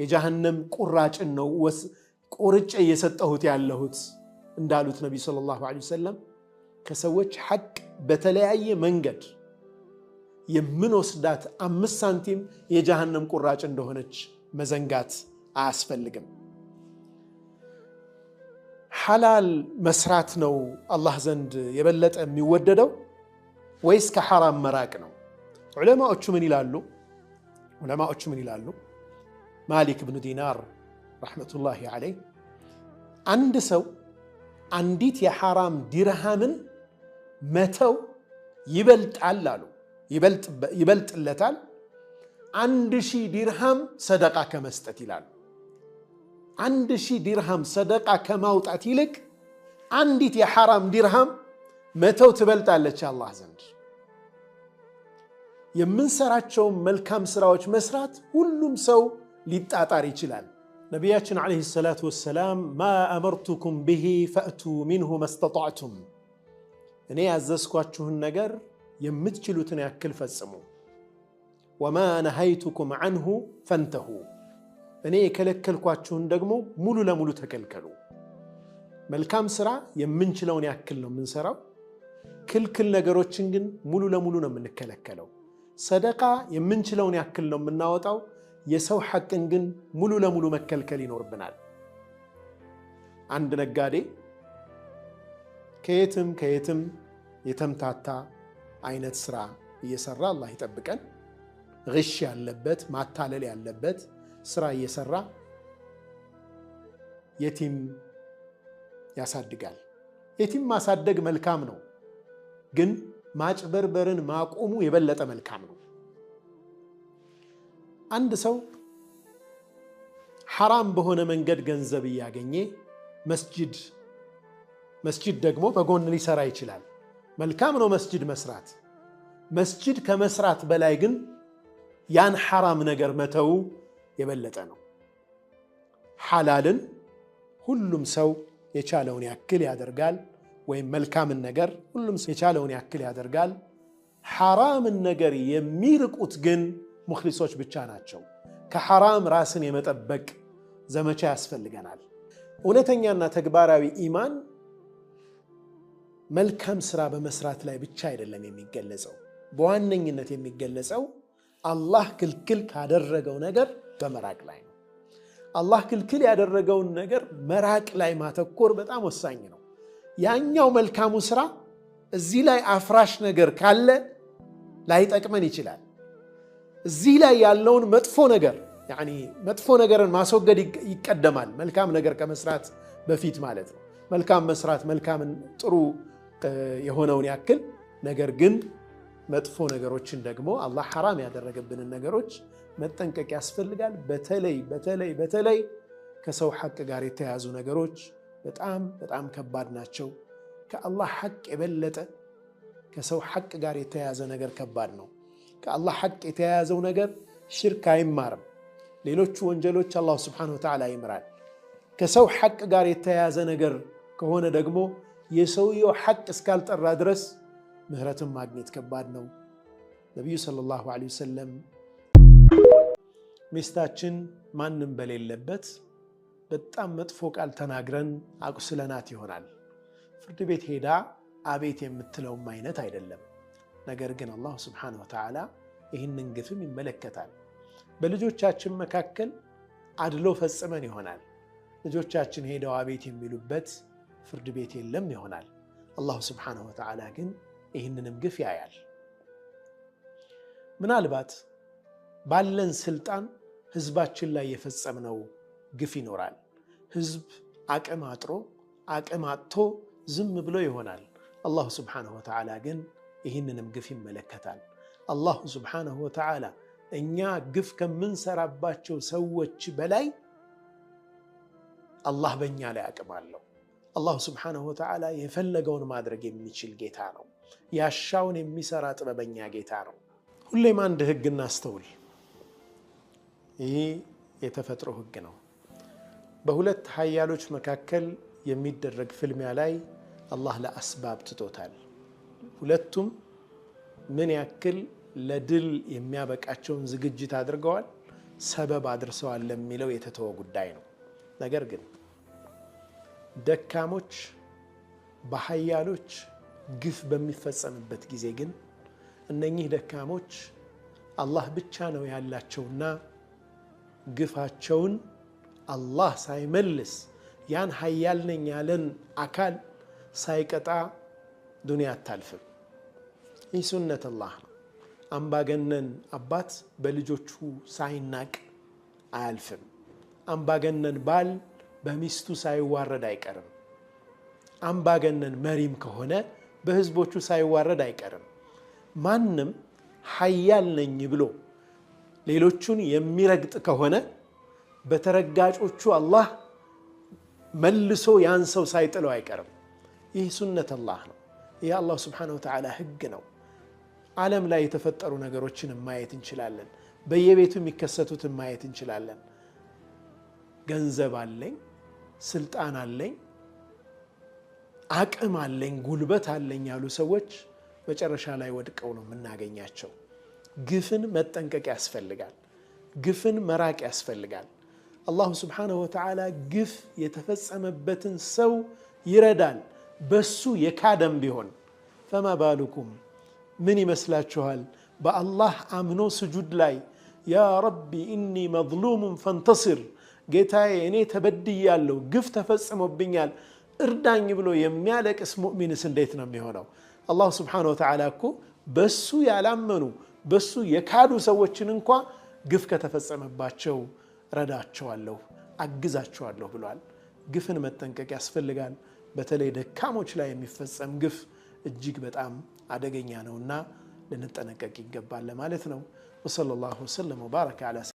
የጀሃነም ቁራጭን ነው ቆርጬ እየሰጠሁት ያለሁት እንዳሉት ነቢዩ ሰለላሁ ዐለይሂ ወሰለም ከሰዎች ሐቅ በተለያየ መንገድ የምንወስዳት አምስት ሳንቲም የጀሃነም ቁራጭ እንደሆነች መዘንጋት አያስፈልግም። ሐላል መስራት ነው አላህ ዘንድ የበለጠ የሚወደደው ወይስ ከሐራም መራቅ ነው? ዑለማዎቹ ምን ይላሉ? ዑለማዎቹ ምን ይላሉ? ማሊክ ብኑ ዲናር ረሕመቱላሂ ዓለይህ አንድ ሰው አንዲት የሐራም ዲርሃምን መተው ይበልጣል አሉ ይበልጥለታል አንድ ሺህ ዲርሃም ሰደቃ ከመስጠት ይላሉ። አንድ ሺህ ዲርሃም ሰደቃ ከማውጣት ይልቅ አንዲት የሐራም ዲርሃም መተው ትበልጣለች አላህ ዘንድ። የምንሰራቸውን መልካም ስራዎች መስራት ሁሉም ሰው ሊጣጣር ይችላል። ነቢያችን ዓለይሂ ሰላቱ ወሰላም ማ አመርቱኩም ብሂ ፈእቱ ሚንሁ መስተጣዕቱም፣ እኔ ያዘዝኳችሁን ነገር የምትችሉትን ያክል ፈጽሙ። ወማ ነሃይቱኩም አንሁ ፈንተሁ፣ እኔ የከለከልኳችሁን ደግሞ ሙሉ ለሙሉ ተከልከሉ። መልካም ስራ የምንችለውን ያክል ነው የምንሰራው። ክልክል ነገሮችን ግን ሙሉ ለሙሉ ነው የምንከለከለው። ሰደቃ የምንችለውን ያክል ነው የምናወጣው። የሰው ሐቅን ግን ሙሉ ለሙሉ መከልከል ይኖርብናል። አንድ ነጋዴ ከየትም ከየትም የተምታታ አይነት ስራ እየሰራ አላህ ይጠብቀን፣ ግሽ ያለበት ማታለል ያለበት ስራ እየሰራ የቲም ያሳድጋል። የቲም ማሳደግ መልካም ነው፣ ግን ማጭበርበርን ማቆሙ የበለጠ መልካም ነው። አንድ ሰው ሐራም በሆነ መንገድ ገንዘብ እያገኘ መስጂድ መስጂድ ደግሞ በጎን ሊሰራ ይችላል። መልካም ነው መስጂድ መስራት። መስጂድ ከመስራት በላይ ግን ያን ሐራም ነገር መተው የበለጠ ነው። ሐላልን ሁሉም ሰው የቻለውን ያክል ያደርጋል፣ ወይም መልካምን ነገር ሁሉም ሰው የቻለውን ያክል ያደርጋል። ሐራምን ነገር የሚርቁት ግን ሙክሊሶች ብቻ ናቸው። ከሐራም ራስን የመጠበቅ ዘመቻ ያስፈልገናል። እውነተኛና ተግባራዊ ኢማን መልካም ስራ በመስራት ላይ ብቻ አይደለም የሚገለጸው። በዋነኝነት የሚገለጸው አላህ ክልክል ካደረገው ነገር በመራቅ ላይ ነው። አላህ ክልክል ያደረገውን ነገር መራቅ ላይ ማተኮር በጣም ወሳኝ ነው። ያኛው መልካሙ ስራ እዚህ ላይ አፍራሽ ነገር ካለ ላይጠቅመን ይችላል። እዚህ ላይ ያለውን መጥፎ ነገር መጥፎ ነገርን ማስወገድ ይቀደማል፣ መልካም ነገር ከመስራት በፊት ማለት ነው። መልካም መስራት መልካምን ጥሩ የሆነውን ያክል ነገር ግን መጥፎ ነገሮችን ደግሞ አላህ ሐራም ያደረገብንን ነገሮች መጠንቀቅ ያስፈልጋል። በተለይ በተለይ በተለይ ከሰው ሐቅ ጋር የተያዙ ነገሮች በጣም በጣም ከባድ ናቸው። ከአላህ ሐቅ የበለጠ ከሰው ሐቅ ጋር የተያዘ ነገር ከባድ ነው። ከአላህ ሐቅ የተያያዘው ነገር ሽርክ አይማርም። ሌሎቹ ወንጀሎች አላሁ ስብሓነሁ ወተዓላ ይምራል። ከሰው ሐቅ ጋር የተያያዘ ነገር ከሆነ ደግሞ የሰውየው ሐቅ እስካልጠራ ድረስ ምህረትን ማግኘት ከባድ ነው። ነቢዩ ሰለላሁ ዐለይሂ ወሰለም ሚስታችን ማንም በሌለበት በጣም መጥፎ ቃል ተናግረን አቁስለናት ይሆናል። ፍርድ ቤት ሄዳ አቤት የምትለውም አይነት አይደለም። ነገር ግን አላህ ስብሐነሁ ወተዓላ ይህንን ግፍም ይመለከታል። በልጆቻችን መካከል አድሎ ፈጽመን ይሆናል። ልጆቻችን ሄደው አቤት የሚሉበት ፍርድ ቤት የለም ይሆናል። አላሁ ስብሐነሁ ወተዓላ ግን ይህንንም ግፍ ያያል። ምናልባት ባለን ስልጣን ህዝባችን ላይ የፈጸምነው ግፍ ይኖራል። ህዝብ አቅም አጥሮ አቅም አጥቶ ዝም ብሎ ይሆናል። አላሁ ስብሐነሁ ወተዓላ ግን ይህንንም ግፍ ይመለከታል። አላሁ ስብሓነሁ ወተዓላ እኛ ግፍ ከምንሰራባቸው ሰዎች በላይ አላህ በእኛ ላይ አቅም አለው። አላሁ ስብሓነሁ ወተዓላ የፈለገውን ማድረግ የሚችል ጌታ ነው። ያሻውን የሚሰራ ጥበበኛ ጌታ ነው። ሁሌም አንድ ህግ እናስተውል። ይህ የተፈጥሮ ህግ ነው። በሁለት ሀያሎች መካከል የሚደረግ ፍልሚያ ላይ አላህ ለአስባብ ትቶታል። ሁለቱም ምን ያክል ለድል የሚያበቃቸውን ዝግጅት አድርገዋል፣ ሰበብ አድርሰዋል ለሚለው የተተወ ጉዳይ ነው። ነገር ግን ደካሞች በሀያሎች ግፍ በሚፈጸምበት ጊዜ ግን እነኚህ ደካሞች አላህ ብቻ ነው ያላቸውና ግፋቸውን አላህ ሳይመልስ ያን ሀያል ነኝ ያለን አካል ሳይቀጣ ዱንያ አታልፍም። ይህ ሱነት አላህ ነው። አምባገነን አባት በልጆቹ ሳይናቅ አያልፍም። አምባገነን ባል በሚስቱ ሳይዋረድ አይቀርም። አምባገነን መሪም ከሆነ በህዝቦቹ ሳይዋረድ አይቀርም። ማንም ሀያል ነኝ ብሎ ሌሎቹን የሚረግጥ ከሆነ በተረጋጮቹ አላህ መልሶ ያን ሰው ሳይጥለው አይቀርም። ይህ ሱነት አላህ ነው። ይህ አላህ ስብሓነሁ ወተዓላ ህግ ነው። ዓለም ላይ የተፈጠሩ ነገሮችን ማየት እንችላለን። በየቤቱ የሚከሰቱትን ማየት እንችላለን። ገንዘብ አለኝ፣ ስልጣን አለኝ፣ አቅም አለኝ፣ ጉልበት አለኝ ያሉ ሰዎች መጨረሻ ላይ ወድቀው ነው የምናገኛቸው። ግፍን መጠንቀቅ ያስፈልጋል። ግፍን መራቅ ያስፈልጋል። አላሁ ስብሓነሁ ወተዓላ ግፍ የተፈጸመበትን ሰው ይረዳል። በሱ የካደም ቢሆን ፈማ ባሉኩም ምን ይመስላችኋል? በአላህ አምኖ ስጁድ ላይ ያ ረቢ ኢኒ መዝሉሙን ፈንተሲር ጌታዬ እኔ ተበድያለሁ፣ ግፍ ተፈጽሞብኛል፣ እርዳኝ ብሎ የሚያለቅስ ሙእሚንስ እንዴት ነው የሚሆነው? አላሁ ስብሓነሁ ወተዓላ እኮ በሱ ያላመኑ በሱ የካዱ ሰዎችን እንኳ ግፍ ከተፈጸመባቸው ረዳቸዋለሁ፣ አግዛቸዋለሁ ብሏል። ግፍን መጠንቀቅ ያስፈልጋል። በተለይ ደካሞች ላይ የሚፈጸም ግፍ እጅግ በጣም አደገኛ ነውና ልንጠነቀቅ ይገባል ለማለት ነው። ወሰለላሁ ወሰለም ወባረከ